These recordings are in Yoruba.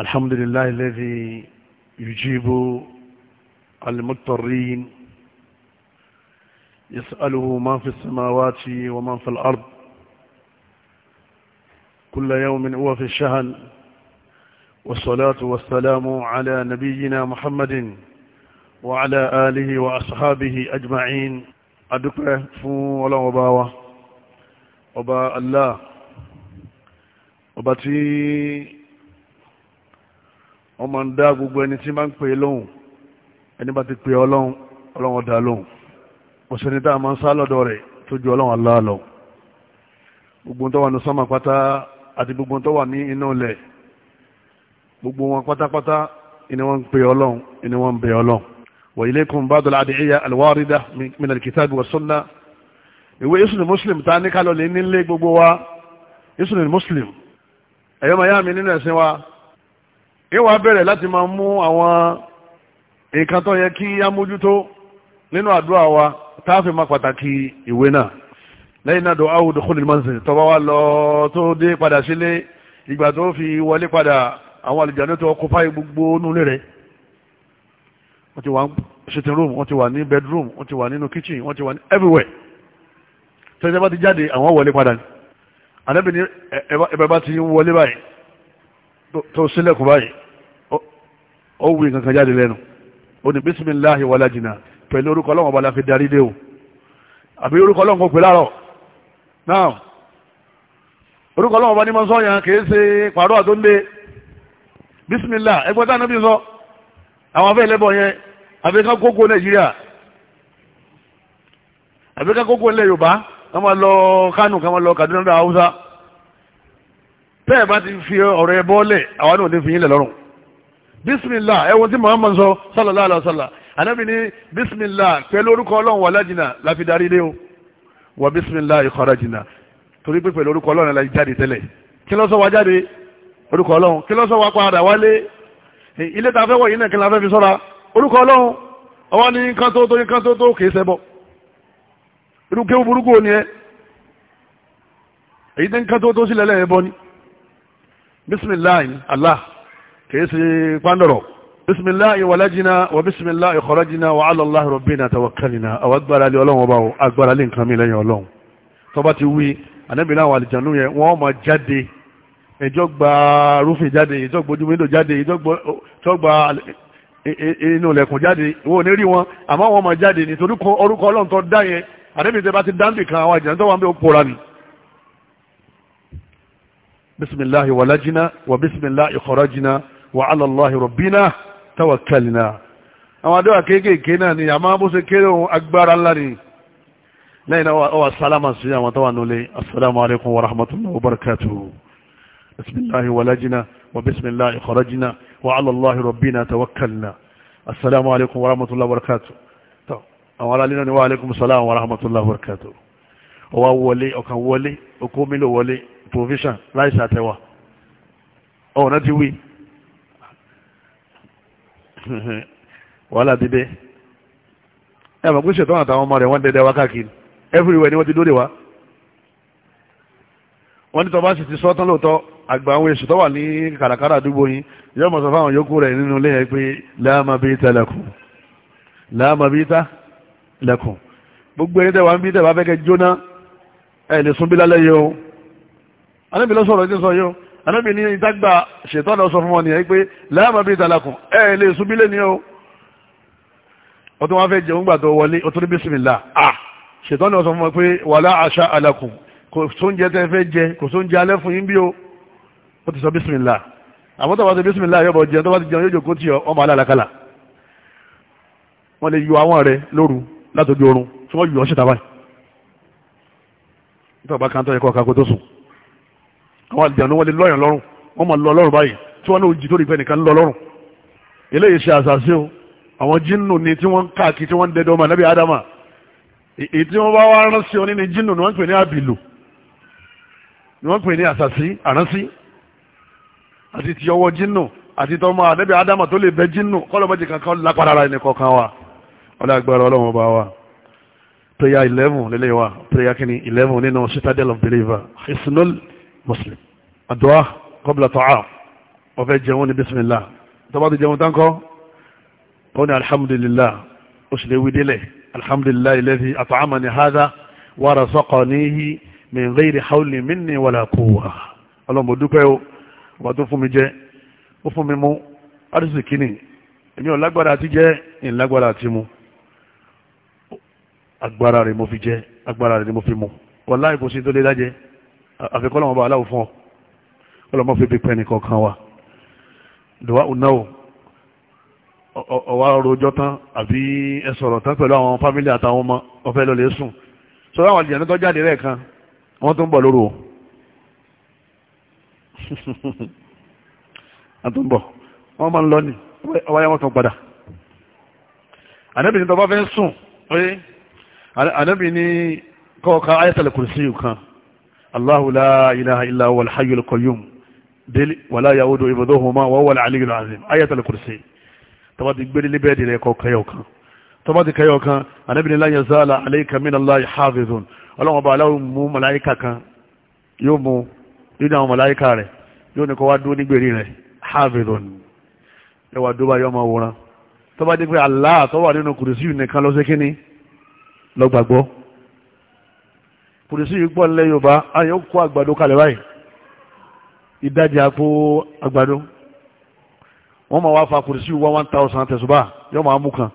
الحمد لله الذي يجيب المضطرين يسأله ما في السماوات وما في الأرض كل يوم هو في الشهن والصلاة والسلام على نبينا محمد وعلى آله وأصحابه أجمعين أدقى فو ولا وباوة وباء الله وباتي wọ́n máa ń dá gbogbo ẹni tí máa ń pè é lóhùn ẹni bá ti pè ọlọ́run ọlọ́run ọ̀dà lóhùn òṣèlú tá a máa ń sá lọ́dọ̀ rẹ̀ tó ju ọlọ́run Allah lọ gbogbo tó wà ní sánmà pátá àti gbogbo tó wà ní inú ilẹ̀ gbogbo wọn pátápátá ni wọ́n ń pè ọlọ́run ni wọ́n ń bẹ ọlọ́run wa ilaykum ba'dul ad'iyya al-warida min al yóò wá bẹ̀rẹ̀ láti máa mú àwọn nǹkan tó yẹ kí á mójútó nínú àdúrà wa tá a fi máa pàtàkì ìwé náà lẹ́yìn náà dùn áwùdù kúlù mọ́sìn tó bá wá lọ tó dé padà sílé ìgbà tó fi wọlé padà àwọn àlùjànnú tó kópa gbogbo nulẹ̀ rẹ̀ wọ́n ti wà ní sitting room wọ́n ti wà ní bedroom wọ́n ti wà nínú kitchen wọ́n ti wà ní everywhere tẹ́jẹ́ bá ti jáde àwọn wọlé padà ní àdẹ́bìnrin ẹ̀bẹ̀ bá ti wọlé báyìí tó sílẹ̀kùn báyìí ó wí kankan jáde lẹ́nu ó ní bísímìláhì wàlá jìnnà pẹ̀lú orúkọ ọlọ́run ọba la fi darí dé o àbí orúkọ ọlọ́run kò pè láàrọ̀ náà orúkọ ọlọ́run ọba ní ma sọ yàn kì í ṣe pàrọ̀ àtúndé bísímìlá ẹgbẹ́ tá ànábì sọ àwọn afẹ́ ìlẹ́bọ̀ yẹn àfẹ́ká kókó nàìjíríà àfẹ́ká kókó ilẹ̀ yorùbá wọ́n máa lọ kánò kí wọ́n lọ kaduna haúsá tẹ́ẹ̀ bá ti fi ọ̀rọ̀ ẹ bọ́ọ̀lẹ̀ àwọn náà ò ní fi yín lẹ̀ lọ́rùn bisimilah ẹ wo tí muhammad sọ sallallahu alaihi wa sallam anabi ni bisimilah pẹ̀lú orúkọ ọlọ́run wà lájìnà láfi darí ilé o wà bisimilah kharajna torí pé pẹ̀lú orúkọ ọlọ́run la jáde tẹ́lẹ̀ kí ló sọ wá jáde orúkọ ọlọ́run kí ló sọ wá padà wálé ilé tá a fẹ́ wọ̀ yìí náà kí la fẹ́ fi sọ́ra orúkọ kìí ṣe بسم الله ولجنا وبسم الله خرجنا وعلى الله ربنا توكلنا àwọn agbára lé ọlọ́run ọba علي agbára lé nǹkan mi lẹ́yìn ọlọ́run tó bá ti wí anábìlá àwọn àlìjànú yẹn wọ́n máa jáde ìjọ gba rúfin jáde ìjọ gbojú wíńdò jáde ìjọ gba inú ilẹ̀kùn jáde wọn ò ní rí wọn àmọ́ wọn máa jáde nítorí orúkọ ọlọ́run tó dá yẹn àdébìtẹ́ bá ti dáńbì kan àwọn àjẹ́ tó wà ń bẹ́ pòórá bisimilahi walajina wa bisimilahi kharajina wa ala Allahi rabbina tawakkalna àwọn àdúrà kéékèèké náà ni àmọ́ bó ṣe kéré ohun agbára ńlá ni lẹ́yìn náà ọwà sálámà sí àwọn tó wà nílé assalamu alaikum wa rahmatullahi wa barakatuhu bismillahi walajina wa bismillahi kharajina wa ala Allahi rabbina tawakkalna assalamu alaikum wa rahmatullahi wa barakatuhu àwọn ará nínú ni wà alaikum salam wa rahmatullahi wa barakatuhu ọwá wọlé ọkàn wọlé okó mílò wọlé provision láìsàtẹwà ọ̀nà ti wí wàhálà ti dé ẹ mọ̀ pé ṣètò àtàwọn ọmọ rẹ̀ wọ́n dẹ́dẹ́ wá káàkiri everywhere ni wọ́n ti dóde wá wọ́n ní tọba sì ti sọ́tán lóòótọ́ àgbà àwọn èṣù tó wà ní kàràkàrà àdúgbò yìí yóò mọ̀ sọ fáwọn yòókù rẹ̀ nínú ilé ẹ̀ pé láàmà bí ta lẹ́kùn láàmà bí ta lẹ́kùn gbogbo ẹni tẹ́wàá ń bí tẹ́wàá fẹ́kẹ́ jóná ẹ̀ lè sún bí lálẹ́ yìí o anábìlọ́sọ̀rọ̀ ti sọ yìí o anábì ní ìdágbà ṣètọ́nà sọ fún wọn ni ẹ pé láàmà bíi ìtàlákùn ẹ lè súnbílẹ̀ ni ó ó tún wá fẹ́ jẹun gbà tó wọlé ó tún ní bísímìlá à ṣètọ́nà sọ fún wọn pé wàlá àṣà àlàkùn kò sóúnjẹ tẹ́ fẹ́ jẹ kò sóúnjẹ alẹ́ fún yín bí ó ó ti sọ bísímìlá àmọ́ tó bá ti bísímìlá yọ̀bọ̀ jẹun tó bá ti jẹun yóò jòkó tì ọ ọmọ alálàkàlà wọ́n lè yọ àwọn rẹ lóru látòjú oorun tí wọ́n yọ ọ́ ṣètàbáyì àwọn àlùjànnú wọlé lọ́yàn lọ́rùn wọ́n máa lọ lọ́rùn báyìí tí wọ́n náà jí tó rí pé nìkan lọ lọ́rùn eléyìí ṣe àṣàṣe o àwọn jinnu ni tí wọ́n ń káàkiri tí wọ́n ń dẹdọ́ ọmọ anábì ádámà èyí tí wọ́n bá wá ránṣẹ́ oní ni jinnu ni wọ́n ń pè ní àbìlù ni wọ́n ń pè ní àṣàṣí àránṣí àti ti ọwọ́ jinnu àti tọmọ anábì ádámà tó lè bẹ jinnu kọ́lọ́mọ́jì prayer eleven prayer kìíní citadel of believer hisnul muslim àdúrà qabla ta'am ọ̀fẹ́ jẹun ní bismillah tọ́bá ti jẹun tánkọ́ ó ní alhamdulillah ó sì lè wí délẹ̀ alhamdulillah alladhi at'amani hadha wa razaqanihi min ghairi hawlin minni wala quwwa ọlọ́mọ dúpẹ́ o ọba tó fún mi jẹ ó fún mi mú àdìsí kínní èmi ò lágbára àti jẹ ìyìn lágbára àti mu agbára rẹ̀ mo fi jẹ agbára rẹ̀ mo fi mu wallahi kò sí tó lé dájẹ́ àfikọ́ lọ́wọ́ bá aláwọ̀ fún ọ ọlọ́mọ fi pípẹ́ nìkan kan wa dùwà ònáwó ọwọ́ rojọ́ tán àbí ẹ sọ̀rọ̀ tán pẹ̀lú àwọn fámílì àtàwọn ọmọ ọ̀fẹ́ lọ lè sùn sọ láwọn àlìyàn tó jáde rẹ̀ kan wọ́n tó ń bọ̀ lóru o àtúnbọ̀ wọ́n máa ń Allahu la ilaha illa huwa al-hayyu al-qayyum deli wala yaudu ibduhuma wa huwa al-aliyyu al-azim ayat al-kursi tọba ti gbé nílé bẹ́ẹ̀dì rẹ̀ kọ kẹyọkan tọba ti kẹyọkan anábìnrin la yazala alayka minallahi hafizun ọlọ́wọ́n bá aláwọ̀ mú màláíkà kan yóò mú nínú àwọn màláíkà rẹ̀ yóò ní kọ́ wá dúró nígbèrè rẹ̀ hafizun yóò wá dúró yọmọ wòran tọba ti pé Allah tó wà nínú kùrìsì nìkan lọ́sẹ̀kíní lọ́gbàgbọ́ polisi yìí gbọ́ nílẹ̀ yorùbá ayé kó àgbàdo kalẹ̀ báyìí ìdajì àpò àgbàdo wọ́n máa wá fa polisi wá one thousand tẹ̀sùbà yóò máa mú kan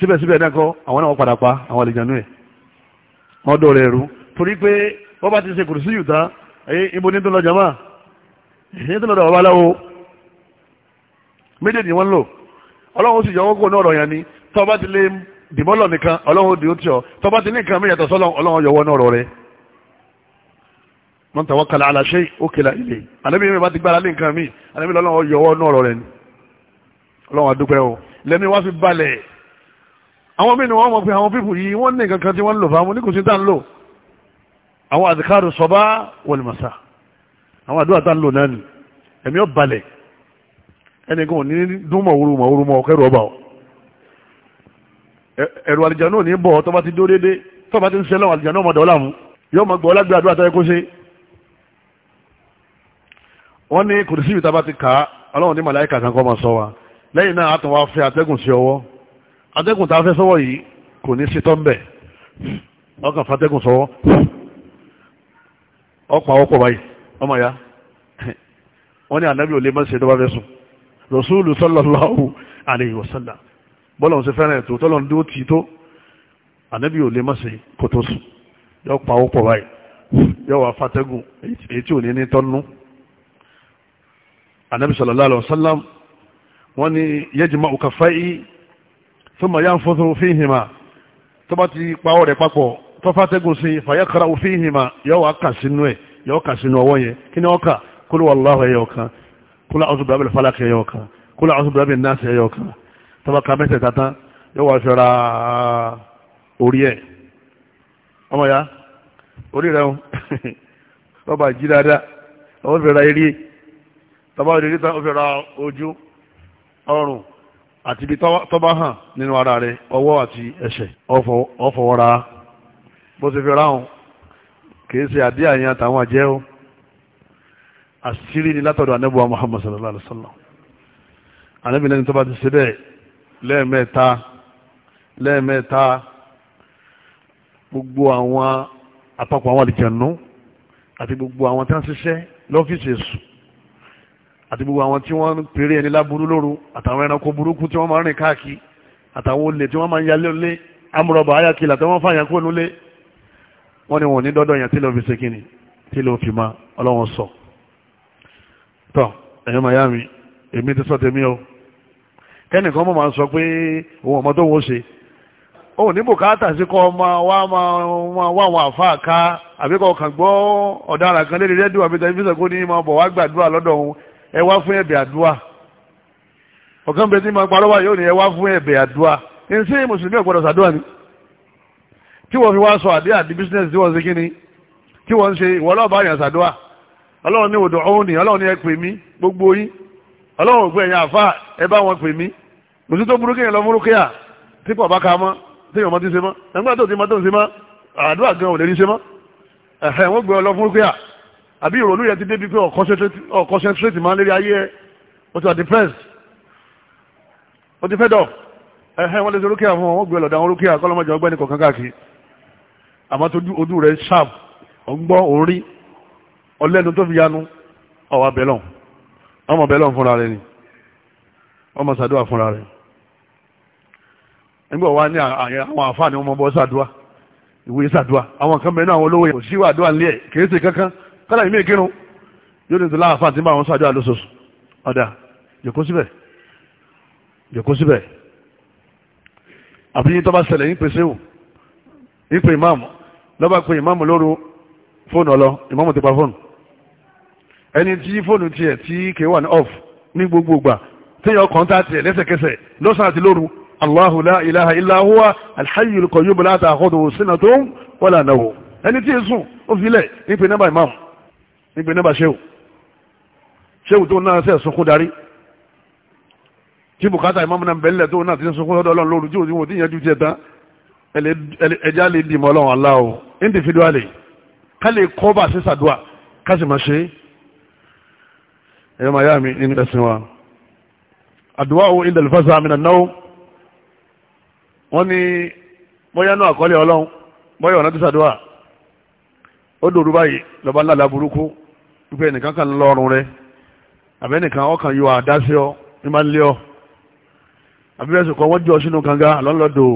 síbẹ̀síbẹ̀ náà kọ́ àwọn náà wọ́n padà pa àwọn àlejànú ẹ̀ wọ́n dọ̀rọ̀ ẹ̀rú torí pé wọ́n bá ti ṣe polisi yìí tán ẹ̀yìn ibo ní tó lọ jama ẹ̀yìn tó lọ dọ̀ bàbá aláwo méjèèjì wọ́n lò ọlọ́run sì yọ ọkọ̀ náà ọ̀rọ̀ yẹn ni tọ́ bá ti lè dìbọ́lọ̀ nìkan ọlọ́run di ó tí ọ tọba ti ní nǹkan mìíràn tọ́sọ́ ọlọ́run yọwọ́ náà rọ rẹ man tawakkala ala shay ukila ilay mi bá ti gbára lé nǹkan mi ànábì lọ́lọ́run yọwọ́ náà rọ rẹ ni ọlọ́run àdúpẹ́ o lẹ́mi wá fi balẹ̀ àwọn mí ni wọ́n mọ̀ pé àwọn pípù yìí wọ́n ní nǹkan kan tí wọ́n ń lò fáwọn ní kò sí tá ń lò àwọn àdìkárù sọba wal masa àwọn àdúrà tá ń lò náà ni ẹ̀mí ọ̀ balẹ̀ ẹnì kan ò ní dún mọ̀wúrú mọ̀wúrú mọ̀ ọ̀kẹ́rù ọba ọ̀ ẹ̀rù àlìjànú ò ní bọ̀ tó bá ti dó dédé tó bá ti ń sẹ́lọ̀ àlìjànú ọmọdé ọlámù yóò mọ̀ gbọ́ lágbé àdúrà tẹ́lẹ̀ kó ṣe wọ́n ní kò sí ìta bá ti kà á ọlọ́run ní màláìkà kan kọ́ máa sọ wa lẹ́yìn náà àtàn wa fẹ́ atẹ́gùn sí ọwọ́ atẹ́gùn tá a fẹ́ sọ́wọ́ yìí kò ní sí tọ́ḿbẹ̀ ọkàn fatẹ́gùn sọ́wọ́ ọ̀pọ̀ àwọn ọkọ̀ báyìí ọmọ ya wọ́n ní ànábì ò lè má ṣe tó bá fẹ́ sùn rọ̀ṣúlù sallallahu bọ́lọ̀n ṣe fẹ́ràn ètò tọ́lọ̀n dúró tì í tó ànábì ò lè má ṣe kó tó sùn yọ pa ó pọ̀ báyìí yọ wà fatẹ́gùn èyí tí ò ní ní tọ́nú ànábì sallallahu alaihi wasallam wọ́n ní yajma'u kaffayhi thumma yanfuthu fihima tó bá ti pa ọ̀rẹ́ papọ̀ tó fatẹ́gùn sí fayakra'u fihima yọ wà kà sínú ẹ̀ yọ kà sínú ọwọ́ yẹn kí ni wọ́n kà kul huwallahu ẹ̀yọ̀ kan kul a'udhu birabbil falaq ẹ̀yọ̀ kan kul a'udhu birabbin nas ẹ̀yọ̀ kan tọ́ba ka mẹ́tẹ̀ẹ̀ta tán yóò wá ṣọ́ra orí ẹ̀ ọmọ ya orí rẹ̀ ń tọ́ba jí dáadáa ọmọ fẹ́ ra eré tọ́ba orí tán ó fẹ́ ra ojú ọrùn àti ibi tọ́ba hàn nínú ara rẹ̀ ọwọ́ àti ẹsẹ̀ ọ̀fọ̀wọ́ra bó ṣe fi ráhùn kìí ṣe àdí àyàn àtàwọn àjẹ́ ó àṣírí ni látọ̀dọ̀ anábùwà Muhammad sallallahu alaihi wa sallam anábìnrin tó bá ti ṣe bẹ́ẹ̀ lẹ́ẹ̀mẹ́ta lẹ́ẹ̀mẹ́ta gbogbo àwọn àpapọ̀ àwọn àlìjẹ̀nú àti gbogbo àwọn tí wọ́n ṣiṣẹ́ lọ́fíìsì èṣù àti gbogbo àwọn tí wọ́n ń pèrè ẹni láburú lóru àtàwọn ẹranko burúkú tí wọ́n máa ń rìn káàkiri àtàwọn olè tí wọ́n máa ń yalé olé amúrọ̀bà ayákìlà tí wọ́n fàyàn kó nulé wọ́n ní wọ́n ní dọ́dọ̀ yẹn tí ló fi ṣe kíni tí ló fi máa ọlọ́wọ́n sọ tọ́ ẹ̀yọ́ miami èmi ti sọ tèmi o kẹ́nìkan mọ̀ máa sọ pé òun ọmọ tó wọ́n ṣe òun ní bùkátà sí kọ́ ọmọ wa máa wá àwọn àfáà ká àbíkọ́ kàn gbọ́ ọ̀daràn kan lérí rẹ́díò àbí tẹlifíṣàn kó ní máa bọ̀ wá gbàdúrà lọ́dọ̀ òun ẹ wá fún ẹ̀bẹ̀ àdúrà ọ̀kan bẹ tí máa parọ́ wá yóò ní ẹ wá fún ẹ̀bẹ̀ àdúrà ǹsẹ́ mùsùlùmí ọ̀gbọ́dọ̀ ṣàdúrà ni tí wọ́n fi wá sọ àdé àdé bísínẹ́sì tí wọ́n ni tí wọ́n ni ọlọ́run ní ẹ pè ọlọ́run ògbó ẹ̀yìn àfa ẹ bá wọn pè mí òsì tó burúkú yẹn lọ burúkú yà tí pọ̀ bá ka mọ́ tí yọ̀mọ́ ti ṣe mọ́ nígbà tó ti mọ́ tó ń ṣe mọ́ àdúrà gan ò lè rí ṣe mọ́ ẹ̀hẹ̀ wọ́n gbé ọ lọ burúkú yà àbí ìrònú yẹn ti débi pé ọ̀ concentrate máa lérí ayé ẹ o ti wà depressed o ti fẹ́ dọ̀ ẹ̀hẹ̀ wọ́n lè ṣe rúkìá fún wọn wọ́n gbé ọ lọ́dà wọn rúkìá kọ́lọ́mọjà ọgbẹ́ni kọ̀ọ̀kan káàkiri àmọ́ tójú ojú rẹ̀ sharp ọ̀gbọ́n orí ọlẹ́nu tó fi yanu ọ̀wà bẹ̀lọ́n ọmọ bẹ́ẹ̀ lọ́n fúnra rẹ̀ ni ọmọ sàdúrà fúnra rẹ̀ nígbà wá ní àwọn àfáàní ọmọ bọ́ sàdúrà ìwé sàdúrà àwọn kan mẹ́rin àwọn olówó kò síwá àdúrà nílé ẹ̀ kìí ṣe kankan kọ́lá ìmí ìkírun yóò ní ìtòlá àfáà tí ń bá àwọn sàdúrà lóṣooṣù ọ̀dà jòkó síbẹ̀ jòkó síbẹ̀ àbí yín tó bá ṣẹlẹ̀ yín pèsè ò yín pè ìmáàmù lọ́ba pè ìmáàmù lóru fóònù ọlọ ìmáàmù ti pa fóònù ẹni tí fóònù tiẹ̀ tí kì í wà ní off ní gbogbo ìgbà téèyàn kọ́ńtà tiẹ̀ lẹ́sẹ̀kẹsẹ̀ lọ́sàn àti lóru Allahu la ilaha illa alhayyul qayyum sinatun wala nawm ẹni tí èsùn ó filẹ̀ nípe nọ́mbà imam nípe nọ́mbà ṣéwù ṣéwù tó náà sẹ́ sunkún darí tí bùkátà imam náà bẹ̀lẹ̀ tó náà ti ń sunkún lọ́dọ̀ ọlọ́run lóru tí òun ti yẹn ju tiẹ̀ tán ẹja lè dìmọ̀ ọlọ́run aláwọ̀ individually ká lè kọ́ bá sí sàdúà ká sì máa ṣe ẹ̀yọ́ màá yá mi nínú ẹ̀sìn wa àdúrà owó ilẹ̀ ìfẹ́sà àmì nànáwó wọ́n ní bóyá náà àkọlé ọlọ́run bóyá ọ̀nà tó ṣàdúrà ó dòrú báyìí lọ́ba ńlá burúkú wípé ẹnìkan kan lọ́rùn rẹ àbẹ́nìkan ọkàn yóò àdá sí ọ ní máa ń lé ọ àbíbẹ́sì kan wọ́n jọ sínú kanga lọ́nlọ́dọ̀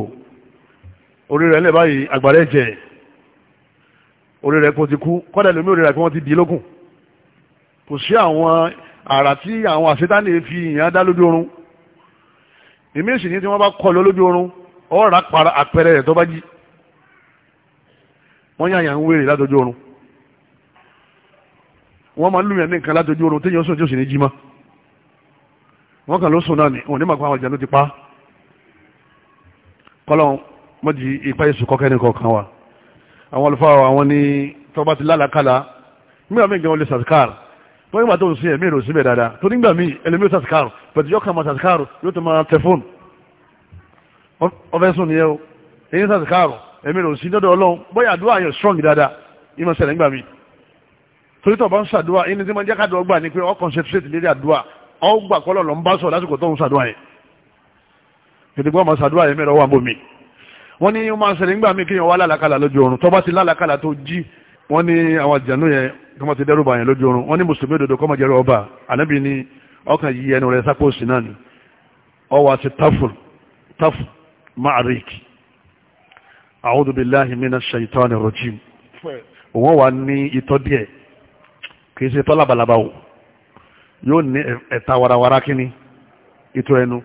orí rẹ̀ lẹ̀ báyìí àgbàrá ẹ̀jẹ̀ orí rẹ̀ kò ti kú kọ́dà lómi orí rẹ̀ kí wọ́n ti di lókun kò sí àwọn àrà tí àwọn àṣetánì fi ìyàn dá lójú oorun ìmísì ní tí wọ́n bá kọ lọ lójú oorun ọ̀rà para àpẹẹrẹ rẹ̀ tó bá jí wọ́n yàn yàn ń wèrè látọjú oorun wọ́n máa ń lùyàn ní nǹkan látọjú oorun téèyàn sùn tí ó sì ní jí mọ́ wọ́n kàn ló sùn náà ni òun ní màkà àwọn ìjà ló ti pa kọ́lọ́n mọ́jì ipa èso kọ́kẹ́ni kọ̀ọ̀kan wa àwọn olùfọ́ àwọn ní tọ́ba ti lálàkàlà mí àwọn mí gan sàkàrà wọ́n yóò máa tó sí ẹ̀mí ìròsí bẹ̀ dáadáa tó nígbà míì ẹlẹ́mí sàṣkàrù pẹ̀tù yọ́ kàmà sàṣkàrù yóò tó máa tẹ fóònù ọfẹ́ sùn ni ẹ ẹ̀yìn sàṣkàrù ẹ̀mí ìròsí dọ́dọ̀ ọlọ́run bóyá àdúrà yẹn strong dáadáa yìí máa ṣẹlẹ̀ nígbà míì torí tó bá ń ṣàdúrà ẹni tí máa jẹ́ ká dọ́gba ni pé ọ concentrate lérí àdúrà ọ gbà kọ́lọ̀ lọ ń bá sọ lásìkò tó ń ṣàdúrà yẹn kìdìgbọ́ máa ṣàdúrà yẹn mẹ́rọ wà bómi wọ́n ní ó máa ṣẹlẹ̀ nígbà míì kéèyàn wá lálàkàlà ti wọ́n ní àwọn àjànú yẹn tó ti dẹ́rù bàyàn lójú oorun wọ́n ní mùsùlùmí òdòdó kọ́ mọ̀jẹ̀rọ ọba ànábì ni ọkàn yí ẹnu rẹ̀ sápò sí náà ni ọwọ́ àti tafur ma'arik a'udhu billahi minash shaitani òun wà ní itọ́ díẹ̀ kì ṣe tọ́ labalábá yóò ní ẹ̀ta warawara kíní ìtọ́ ẹnu